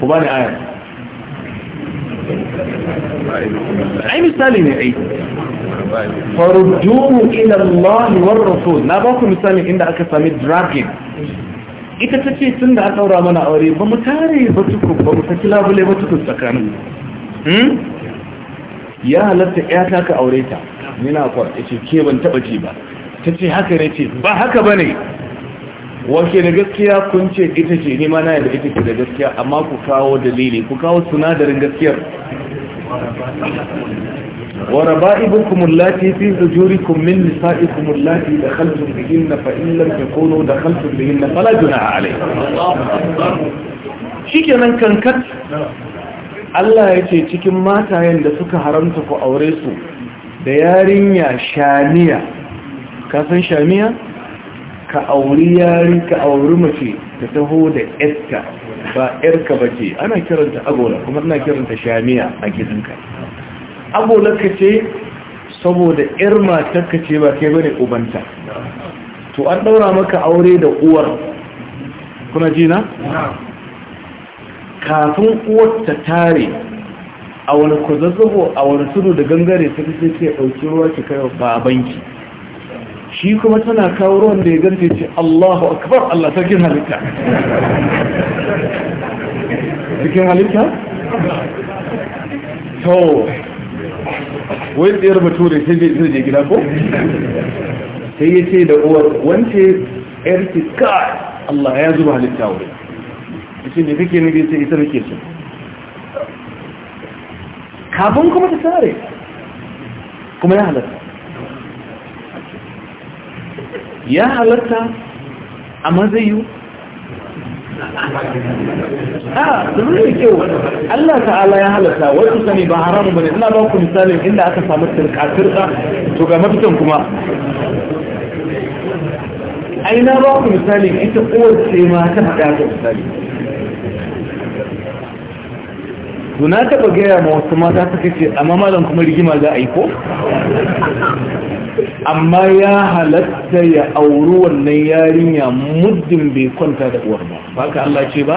ku ba ni aya ai misali ne ai farudduhu ila Allah wa rasul na ba ku misali inda aka sami dragon ita ta ce tun da aka daura mana aure ba mu tare ba tukur ba mu saki labule ba tukur tsakanin hmm? ya halatta ƴata ka aure ta nina kwa ce ke ban taba ji ba ta ce haka ne ce ba haka ba ne wanke da gaskiya kun ce ita ce nima na yadda ita ke da gaskiya amma ku kawo dalili ku kawo sunadarin gaskiyar ba'i bin kumullati fi zujuri kun min nisa'i kumullati da khaltun bihin na fa'illar ke kono da khaltun bihin na falajuna a alai shi kenan kankan Allah ya ce cikin matayen da suka haramta ku aure su da yarinya shamiya ka san shamiya ka auri yari ka auri mace ta taho da yarka ba yarka ba ce ana kiranta agola kuma ana kiranta shamiya a gidanka agola ka ce saboda yar matarka ce ba kai bane ubanta to an ɗaura maka aure da uwar kuna jina kafin uwar ta tare a wani kwazazzabo a wani tudu da gangare ta fi sai ɗauki ruwa ki kai banki. shi kuma tana kawo ruwan da ya gante ce Allahu akbar Allah sarkin halitta sarkin halitta? to wai tsayar da sai zai zai gida ko? sai ya ce da uwar wance yarki ka Allah ya zuba halitta wuri yace ne kake ne sai ita nake su kafin kuma ta tsare kuma ya halatta ya halatta amma zai ah, yi a zama da kyau Allah ta'ala ya halatta wasu sani ba haramun bane ina ba ku misalin inda aka samu turka ta, to ga mafitan kuma aina ba ku misalin ita kowace ma ta faɗa ta misali to na taba gaya ma wasu mata suka ce amma malam kuma rigima za a yi ko amma ya halatta ya auri wannan yarinya muddin bai kwanta da uwar ba ba ka Allah ce ba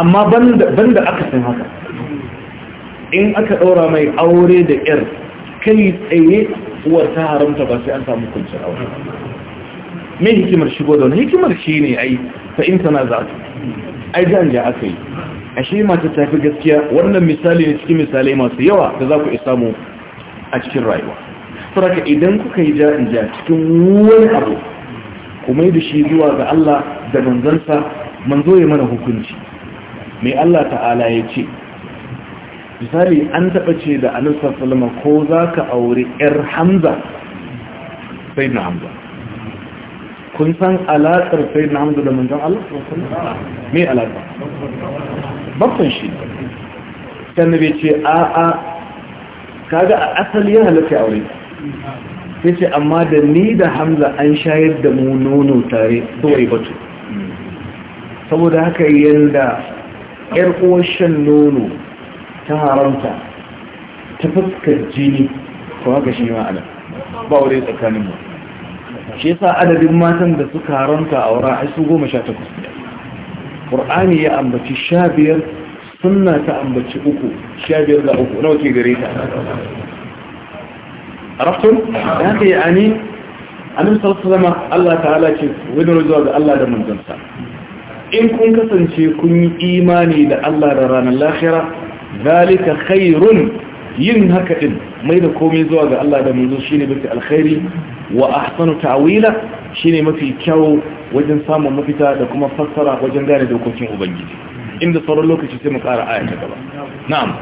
amma ban da aka san haka in aka ɗaura mai aure da ƴar kai tsaye uwar ta haramta ba sai an samu kunci aure me hikimar shigo da wani hikimar shi ne ai fa na tana za ai jan ja aka yi ashe mata tafi gaskiya wannan misali ne cikin misalai masu yawa da za ku isa mu a cikin rayuwa saraka idan kuka yi ja'ija cikin wani abu ku mai da shi zuwa ga Allah da manzansa manzo ya mana hukunci mai Allah ta'ala ya ce misali an taɓa ce da annabi sallallahu ko za ka aure yar hamza sai na hamza kun san alaƙar sai na hamdu da manzan Allah? me alaƙa? babban shi sannan bai ce a a kaga a asali ya halittar aure sai ce amma da ni da hamza an shayar da mu nono tare kawai batu saboda haka yanda yar uwar shan nono ta haramta ta fuskar jini to haka shi ma'ana ba wuri tsakaninmu shi yasa adadin matan da suka haramta a wura ai su goma sha takwas ƙur'ani ya ambaci sha biyar sunna ta ambaci uku sha biyar da uku nawa ke gare ta araftun da haka yi ani annabi sallallahu alaihi Allah ta'ala ce wani rujuwa ga Allah da manzansa in kun kasance kun yi imani da Allah da ranar lahira zalika khairun yin haka din mai da komai zuwa ga Allah da manzo shine mafi alkhairi wa ahsanu ta'wila shine mafi kyau wajen samun mafita da kuma fassara wajen gane dokokin ubangiji inda sauran lokaci sai mu ƙara aya ta gaba na'am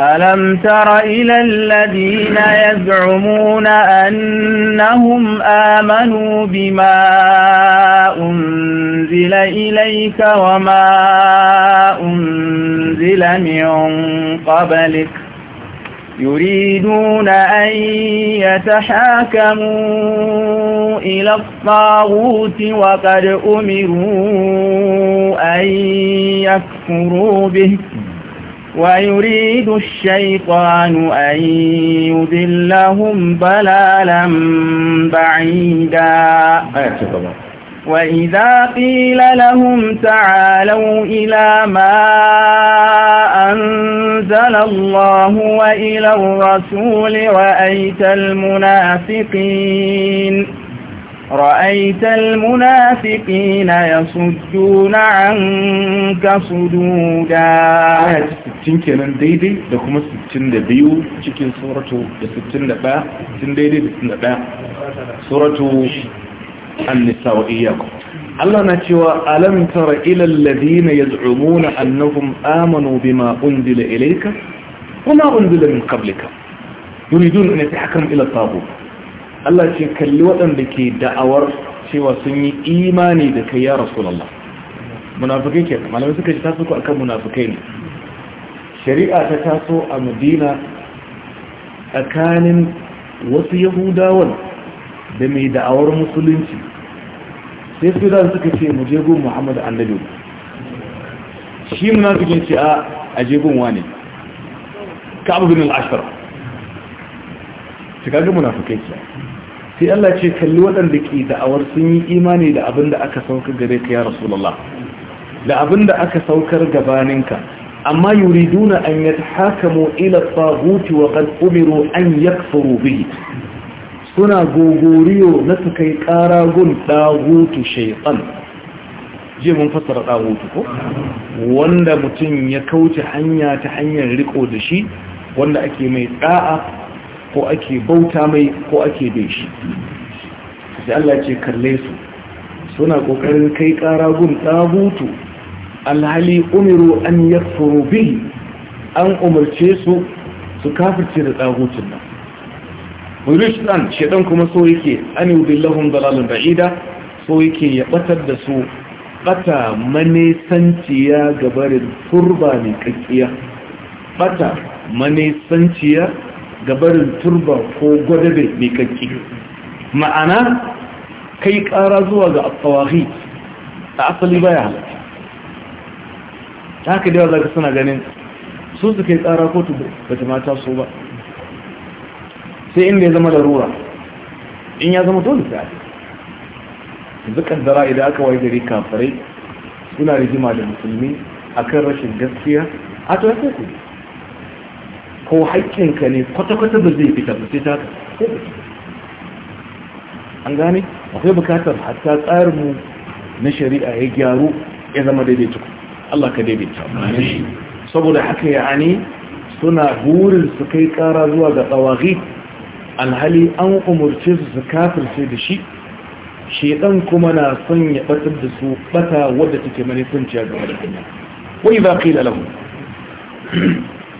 ألم تر إلى الذين يزعمون أنهم آمنوا بما أنزل إليك وما أنزل من قبلك يريدون أن يتحاكموا إلى الطاغوت وقد أمروا أن يكفروا به ويريد الشيطان أن يذلهم ضلالا بعيدا آية وإذا قيل لهم تعالوا إلى ما أنزل الله وإلى الرسول رأيت المنافقين رأيت المنافقين يصدون عنك صدودا آية 60 kenan daidai da an-nisa wa iyyakum Allah na cewa alam tara ila alladhina yaz'umuna annahum amanu bima unzila ilayka wama unzila min qablika yuridun an yatahakamu ila taghut Allah ce kalli waɗanda ke da'awar cewa sun yi imani da kai ya rasulullah munafikai ke malamai suka ji taso ku akan munafikai ne shari'a ta taso a Madina tsakanin wasu yahudawan da mai da'awar musulunci sai su da suka ce mu je gun muhammadu annabi shi munafikin ce a aje gun wane ka abu bin al'ashar shi kaga munafikai ce sai Allah ce kalli waɗanda ke da'awar sun yi imani da abin da aka sauka gare ka ya rasulullah da abin da aka saukar gabaninka amma yuriduna an yatahakamu ila tsaguti wa qad umiru an yakfuru bihi suna gogoriyo na su kai ƙara gun ɗagutu shaitan je mun fassara ɗagutu ko wanda mutum ya kauce hanya ta hanyar riko da shi wanda ake mai ɗa'a ko ake bauta mai ko ake bai shi sai Allah ce kalle su suna ƙoƙarin kai ƙaragun gun ɗagutu alhali umiru an yakfuru bihi an umarce su su kafirce da ɗagutun nan rishdan shedan kuma so yake an billahum dalalun ba'ida so yake ya batar da su bata manesanciya gabarin turba ne kakkiya bata manesanciya gabarin turba ko gwadabe ne kakki ma'ana kai kara zuwa ga afawahi a asali baya halatta ta haka da za ka suna ganin su su kai kara kotu ba ta mata so ba sai inda ya zama larura in ya zama dole sai yanzu zara idan aka waye gari kafirai suna rigima da musulmi a kan rashin gaskiya a to sai ku ko haƙƙinka ne kwata-kwata ba zai fita ba sai ta ka an gane akwai bukatar hatta tsarinmu na shari'a ya gyaru ya zama daidaita Allah ka daidaita saboda haka ya ani suna burin su kai kara zuwa ga tsawaghi alhali an umarci su su kafirce da shi shedan kuma na son ya batar da su bata wadda take manifanciya game da hanya wai za yi lalamu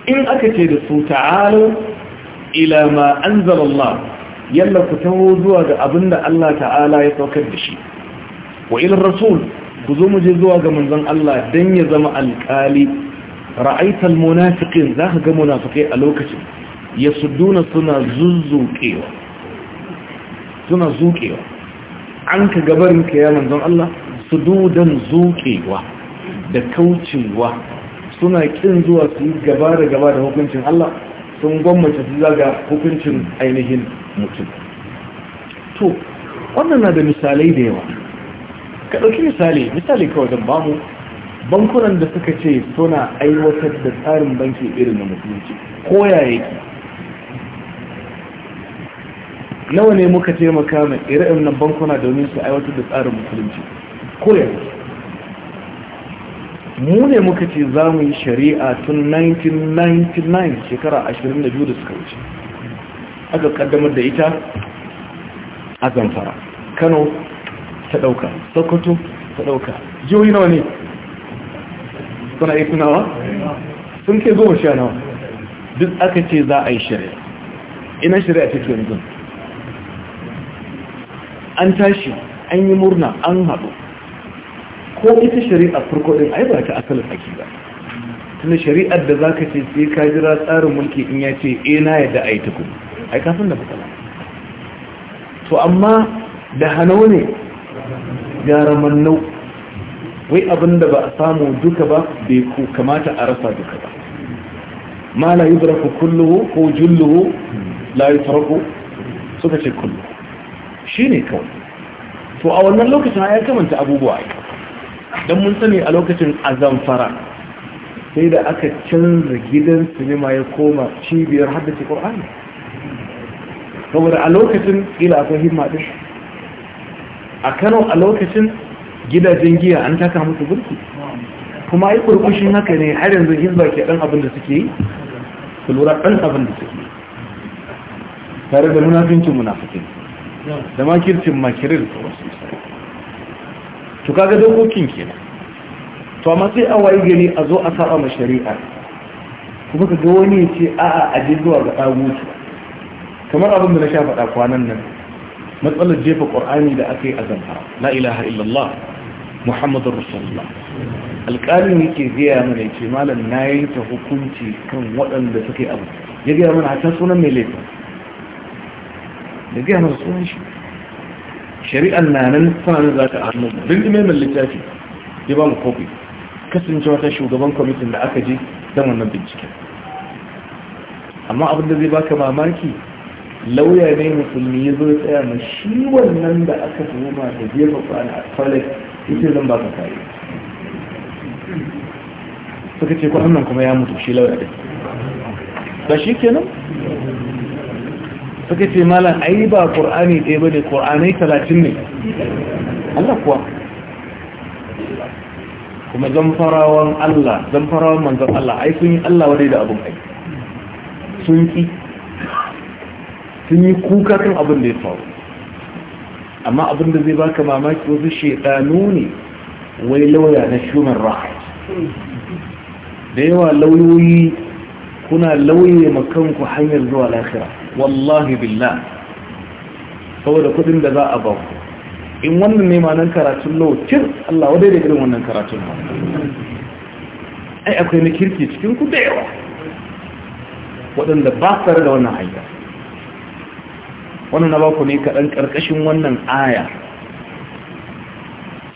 in aka ce da su ta'alu ila ma anzala yalla ku taho zuwa ga abinda Allah ta'ala ya saukar da shi wa ila rasul ku zo mu je zuwa ga manzon Allah dan ya zama alkali ra'aital munafiqin zaka ga munafikai a lokacin ya suduna suna zuzzuƙewa suna zuƙewa an ka gabarin kiyaman don Allah sududan zuƙewa da kaucewa suna ƙin zuwa su yi gaba da gaba da hukuncin Allah sun gwammace su zaga hukuncin ainihin mutum to wannan na da misalai da yawa ka ɗauki misali misali kawai don bamu bankunan da suka ce suna aiwatar da tsarin banki irin na musulunci ko yake nawa ne muka taimaka mai ire nan bankuna domin su aiwatar da tsarin musulunci ko yanzu mu ne muka ce za mu yi shari'a tun 1999 shekara 22 da suka wuce aka kaddamar da ita a zamfara kano ta ɗauka sokoto ta ɗauka jihohi nawa ne suna yi tunawa sun ke goma sha nawa duk aka ce za a yi shari'a ina shari'a take yanzu an tashi an yi murna an haɗu ko ita shari'ar farko ɗin ai ba ta asalin ake ba tunda shari'ar da za ka ce sai ka jira tsarin mulki in ya ce e na yadda a yi ta kuma ai kafin da matsala to amma da hana ne gyara mannau wai abin ba a samu duka ba bai ku kamata a rasa duka ba ma la ku kulluhu ko julluhu la yutraku suka ce kulluhu shi ne kawai to a wannan lokacin ya kamanta abubuwa don mun sani a lokacin azamfara. sai da aka canza gidan sinima ya koma cibiyar haddace ƙor'ani saboda a lokacin ila akwai himma ɗin a kano a lokacin gidajen giya an taka musu burki kuma yi ƙurƙushin haka ne har yanzu hizba ke ɗan abin da suke yi su lura ɗan abin da suke yi. tare da munafinci munafikin da makircin makirir to kaga dokokin ke. to amma sai a wayi gani a zo a saba ma shari'a kuma ka wani ya ce a'a a je zuwa ga ɗagutu kamar abin da na sha faɗa kwanan nan matsalar jefa ƙur'ani da aka yi a zamfara la ilaha illallah muhammadu rasulullah alƙalin yake gaya mana ya ce malam na yanke hukunci kan waɗanda suke abu ya gaya mana a can sunan mai laifin da gaya masa shari'an na nan sanar za ta hannu duk mai littafi ya ba mu kofi kasance wata shugaban kwamitin da aka je don wannan binciken amma abin da zai baka mamaki lauya ne musulmi ya zo tsaya ma shi wannan da aka tuhuma da biyar babba a kwalit ita zan baka kare suka ce ko kuma ya mutu shi lauya ɗin ba shi kenan suka ce malam ai ba ƙur'ani ɗaya ba ne ƙur'anai talatin ne Allah kuwa kuma zamfarawan Allah zamfarawan manzan Allah ai sun yi Allah wadai da abin ai sun ƙi sun yi kuka kan abin da ya faru amma abin da zai baka mamaki wasu shekanu ne wai lauya na human rights da yawa lauyoyi kuna lauye makanku hanyar zuwa lahira wallahi billah saboda kudin da za a ba ku in wannan ne manan karatun laucin Allah wadai da irin wannan karatun ba ai akwai na kirki cikin ku da yawa waɗanda ba tare da wannan hanya wannan na ba ku ne kaɗan ƙarƙashin wannan aya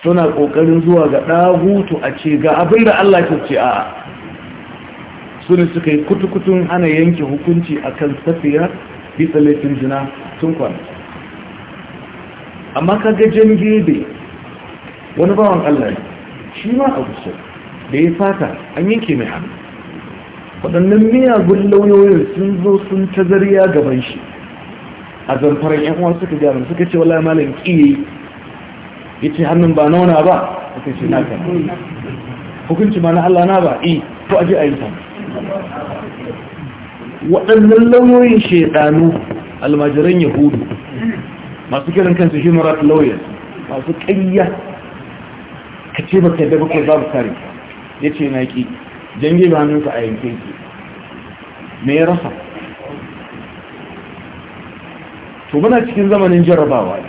suna ƙoƙarin zuwa ga ɗagutu a ce ga abin da Allah ke ce a su suka yi kutukutun ana yanke hukunci a kan safiya bisa laifin jina tun kwana amma ka jan gebe wani bawan allah shi ma a gusa da ya fata an yanke mai hannu waɗannan miyagun lauyoyin sun zo sun ta zariya gaban shi a zamfarar yan uwa suka gyara suka ce wala malam kiye ya ce hannun ba nauna ba suka ce na hukunci ma na allah na ba iya to aje a yi ta waɗannan lauyoyin shaidanu almajiran yahudu masu kiran kansu human lawyers masu ƙayya ka ce ba ka bakwai za kare ya ce na ki jange ba hannunsa a yankin ki me ya rasa to bana cikin zamanin jarrabawa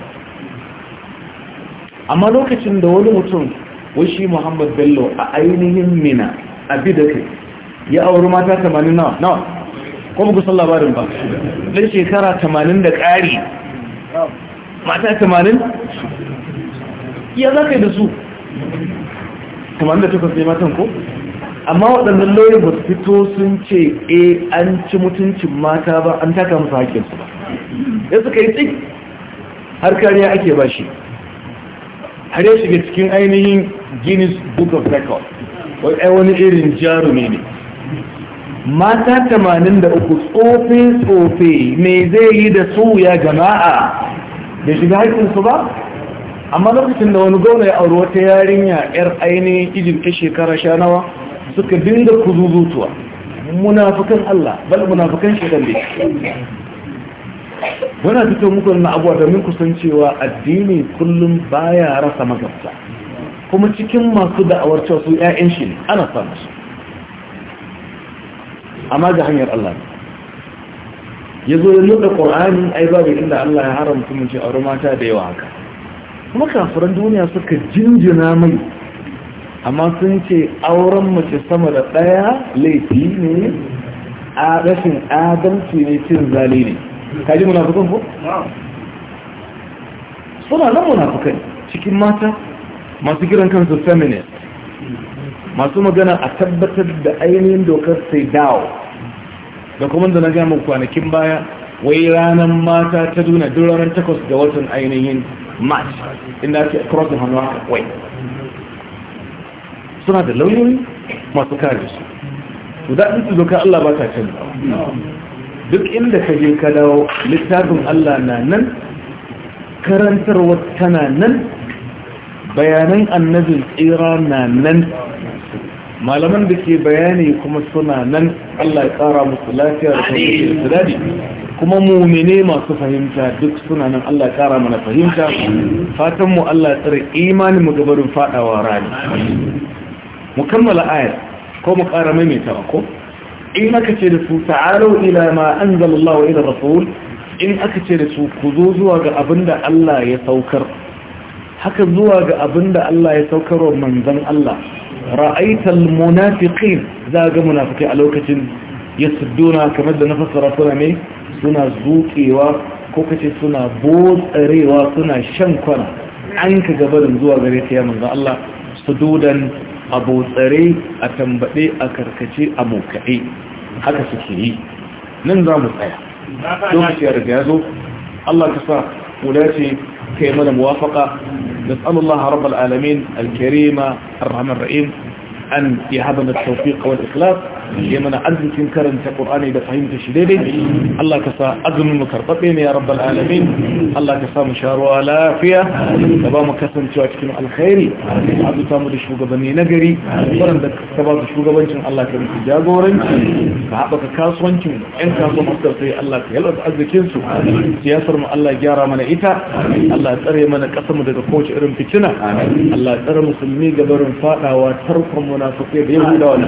amma lokacin da wani mutum wai shi muhammad bello a ainihin mina abi da kai ya auri mata 80 nawa nawa kuma kusan labarin ba ɗan shekara 80 da ƙari mata 80 ya za ka yi da su 88 ne matan ko amma waɗannan lauyin ba su fito sun ce e an ci mutuncin mata ba an taka musu haƙƙinsu ba ya suka yi tsik har kariya ake ba shi har ya shiga cikin ainihin guinness book of records wani irin jarumi ne mata tamanin da uku tsofe-tsofe me zai yi da su ya jama'a da shiga haƙinsu ba amma lokacin da wani gauna ya auri wata yarinya yar ainihin ijin ta shekara sha nawa suka dinga zuzutuwa munafukan Allah bal munafukan shekan da wana fito muku na abuwa domin kusancewa addini kullum baya rasa magabta kuma cikin masu da'awar cewa su yayan shi ne ana samu su amma ga hanyar Allah ne. ya zo ya nuna ƙur'ani ai babu inda Allah ya haramta mun ce aure mata da yawa haka kuma kafiran duniya suka jinjina mai amma sun ce auren mace sama da ɗaya laifi ne a rashin adalci ne cin zali ne kaji munafukan ko? suna nan munafukan cikin mata masu kiran kansu feminist masu magana a tabbatar da ainihin dokar sai dawo da kuma da na gama kwanakin baya wai ranar mata ta duna duk ranar takwas ga watan ainihin march inda ake cross hannu haka wai suna da lauyoyi masu kare su su daɗin ɗin doka allah ba ta canza duk inda ka je ka dawo littafin allah na nan karantarwa tana nan bayanan annabin tsira na nan malaman da ke bayani kuma suna nan Allah ya tsara musu lafiya da kuma dadi kuma mumine masu fahimta duk suna nan Allah ya tsara mana fahimta fatan mu Allah ya tsara imanin mu gabarin fadawa rani mu kammala ayar ko mu kara maimaita ko in aka ce da su ta'alu ila ma anzalallahu ila rasul in aka ce da su ku zo zuwa ga abinda Allah ya saukar haka zuwa ga abin da Allah ya saukar wa manzan Allah ra'aital munafiqin za ga munafiki a lokacin yasudduna kamar da na fassara suna ne suna zuƙewa ko kace suna botsarewa suna shan kwana an ka gabarin zuwa gare ta ya manzon Allah sududan a tsare a tambade a karkace a mokaɗe haka suke yi nan za mu tsaya lokaci ya riga zo Allah ka sa mu كيمنا موافقة نسأل الله رب العالمين الكريم الرحمن الرحيم أن يهبنا التوفيق والإخلاص ya mana arzikin karanta qur'ani da fahimta shi daidai Allah ka sa azumin mu karbabe ne ya rabbal alamin Allah ka sa mu sharuwa lafiya da ba mu kasancewa cikin alkhairi azuta mu da shugabanni na gari waɗanda ka ba su shugabancin Allah ka rufe jagoranci ka haɓaka kasuwancin yan kasuwan masu sai Allah ka yalwata arzikin su siyasar mu Allah gyara mana ita Allah tsare mana ƙasa mu daga kowace irin fitina Allah tsare musulmi barin faɗawa tarkon munafiki da yahudawa da